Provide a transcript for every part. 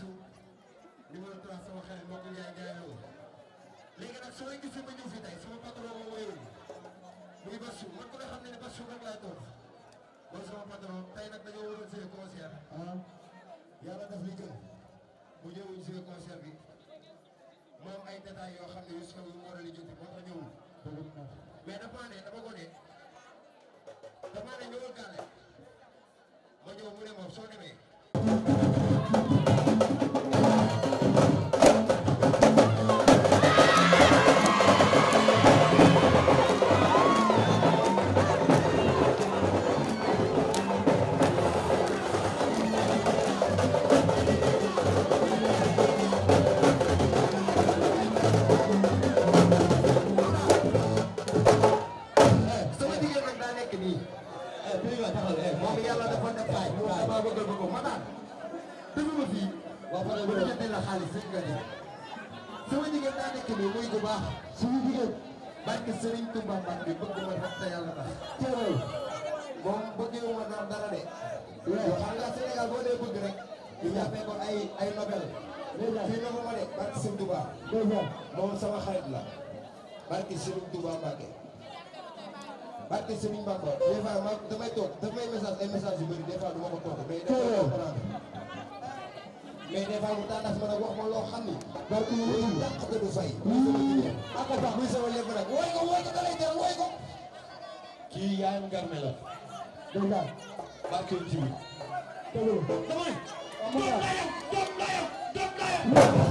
su numéro 3 sama xarit mbokk Ndiaye Ndiaye Lo léegi nag su ma gisee ma ñëw fii tey sama patron ma wéyoo muy Basu man ku ne xam ne ne Basu rek laa toog mooy sama patron tey nag dañoo waroon see concert ah yàlla daf li gën bi moom ay détails yoo xam ne yu soxla yu mu war a lijjanti moo tax ñëwul. mais dafa ne dama ko ne dafa ne ma ñëw mu ne moom soo demee. ay ay nobel. kii na ko ma de barki Sëñ Touba. moom sama xarit la. barki Sëñ Touba Mbacke. barki Sëñ Mbacke des fois ma damay toog daf may message ay message yu bëri des fois du ma ko toog mais dafa comprendre mais des fois mu tàndaas ma nag wax ma loo xam ni. barki yu bëri yu dàq du fay. ak ko tax muy sama lépp nag wooy ko wooy ko dalay jar wooy ko. kii yaayam garme la. dégg nga. barki yu ci biir. dégg nga. Dóor la yow dóor la yow dóor la yow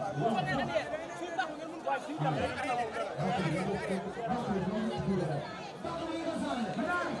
Thank you.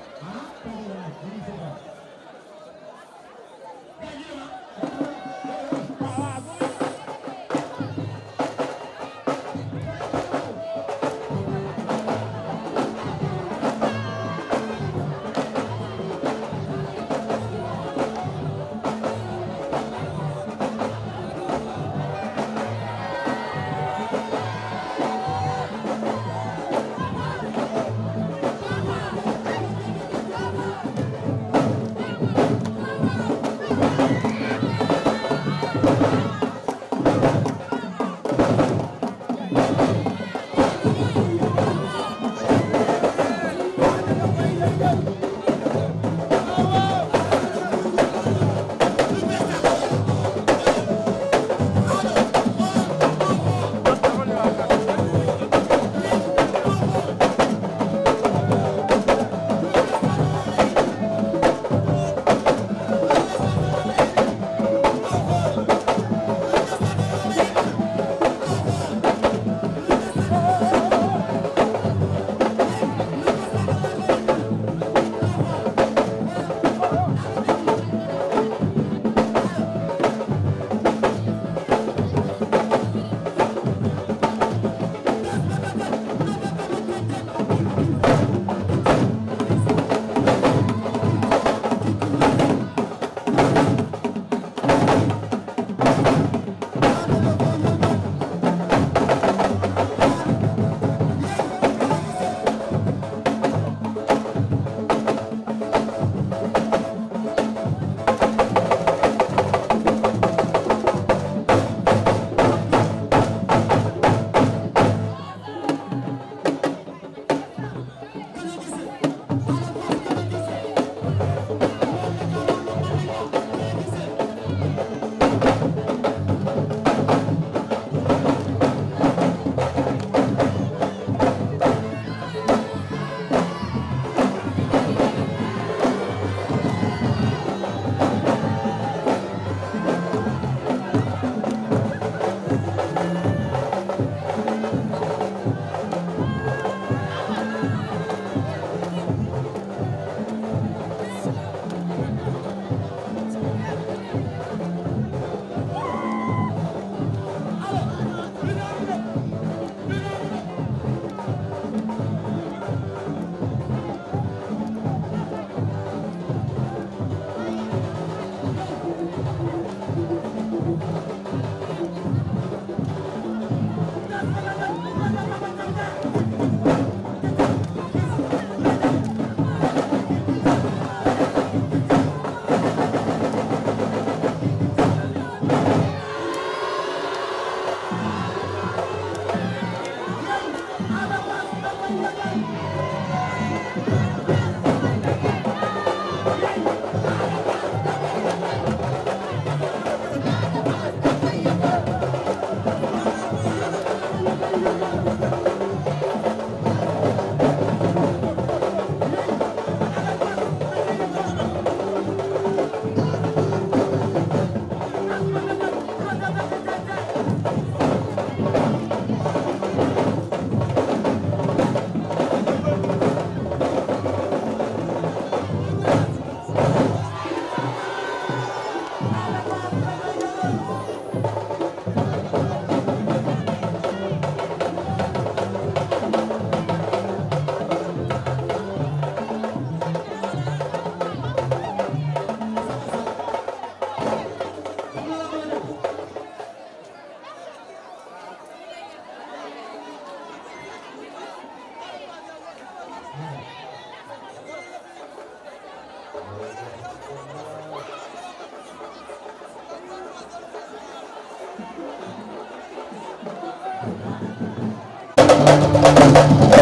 Thank you.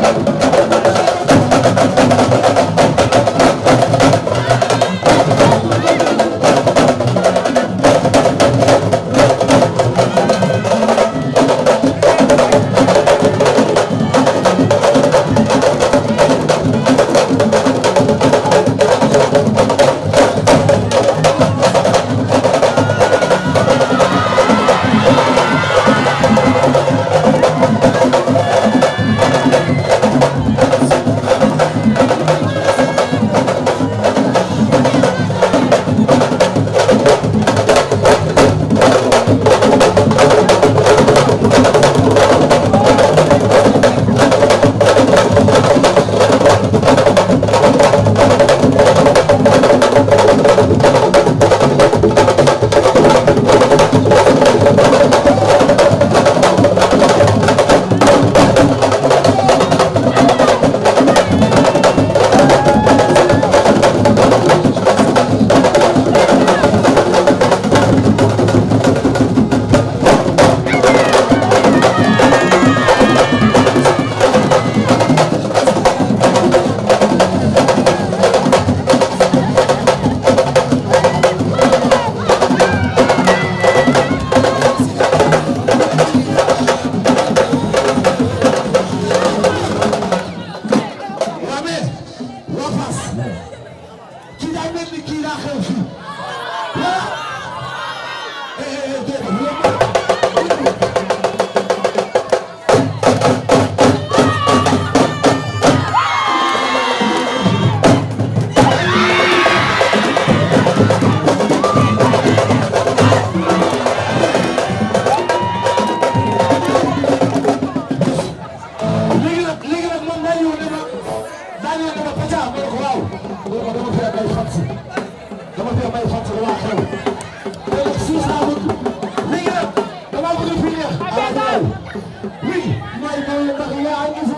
Thank you. Oui,